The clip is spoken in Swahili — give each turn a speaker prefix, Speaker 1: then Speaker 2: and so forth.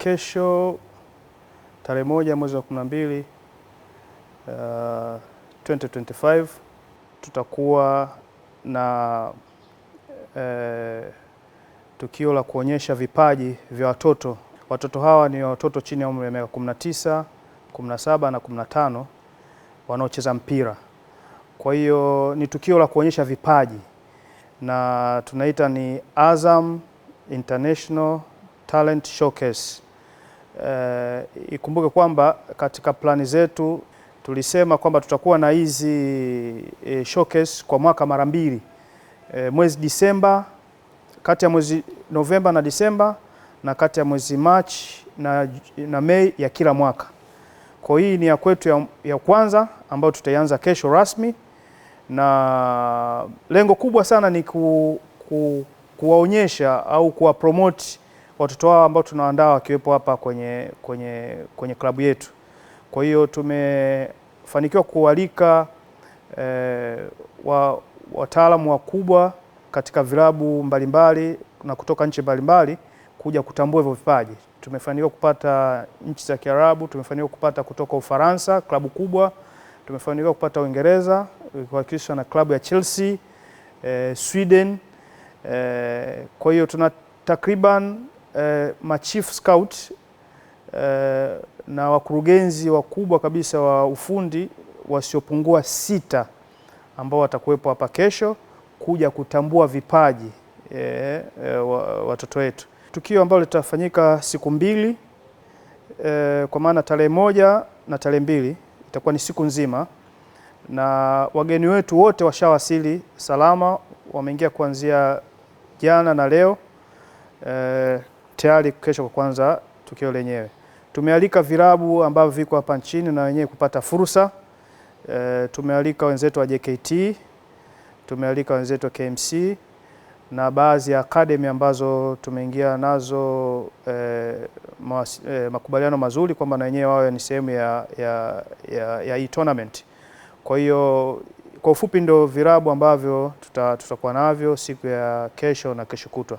Speaker 1: kesho tarehe moja mwezi wa 12 uh, 2025 tutakuwa na uh, tukio la kuonyesha vipaji vya watoto. Watoto hawa ni watoto chini ya umri wa miaka 19, 17 na 15 wanaocheza mpira. Kwa hiyo ni tukio la kuonyesha vipaji na tunaita ni Azam International Talent Showcase. E, ikumbuke kwamba katika plani zetu tulisema kwamba tutakuwa na hizi e, showcase kwa mwaka mara mbili e, mwezi Disemba, kati ya mwezi Novemba na Disemba na kati ya mwezi Machi na, na Mei ya kila mwaka. Kwa hii ni ya kwetu ya, ya kwanza ambayo tutaianza kesho rasmi, na lengo kubwa sana ni ku, ku, kuwaonyesha au kuwapromote watoto wao ambao tunaandaa wakiwepo hapa kwenye, kwenye, kwenye klabu yetu. Kwa hiyo tumefanikiwa kualika e, eh, wa, wataalamu wakubwa katika vilabu mbalimbali na kutoka nchi mbalimbali kuja kutambua hivyo vipaji. Tumefanikiwa kupata nchi za Kiarabu, tumefanikiwa kupata kutoka Ufaransa klabu kubwa, tumefanikiwa kupata Uingereza kuwakilishwa na klabu ya Chelsea, e, Sweden. E, kwa hiyo tuna takriban eh, machief scout eh, na wakurugenzi wakubwa kabisa wa ufundi wasiopungua sita ambao watakuwepo hapa kesho kuja kutambua vipaji eh, eh, watoto wetu. Tukio ambalo litafanyika siku mbili eh, kwa maana tarehe moja na tarehe mbili itakuwa ni siku nzima, na wageni wetu wote washawasili salama, wameingia kuanzia jana na leo eh, tayari kesho kwa kwanza tukio lenyewe. Tumealika vilabu ambavyo viko hapa nchini na wenyewe kupata fursa e, tumealika wenzetu wa JKT, tumealika wenzetu wa KMC na baadhi ya academy ambazo tumeingia nazo e, eh, mawas, e, eh, makubaliano mazuri kwamba na wenyewe wawe ni sehemu ya, ya, ya, ya hii tournament. Kwa hiyo kwa ufupi ndo virabu ambavyo tutakuwa tuta navyo siku ya kesho na kesho kutwa.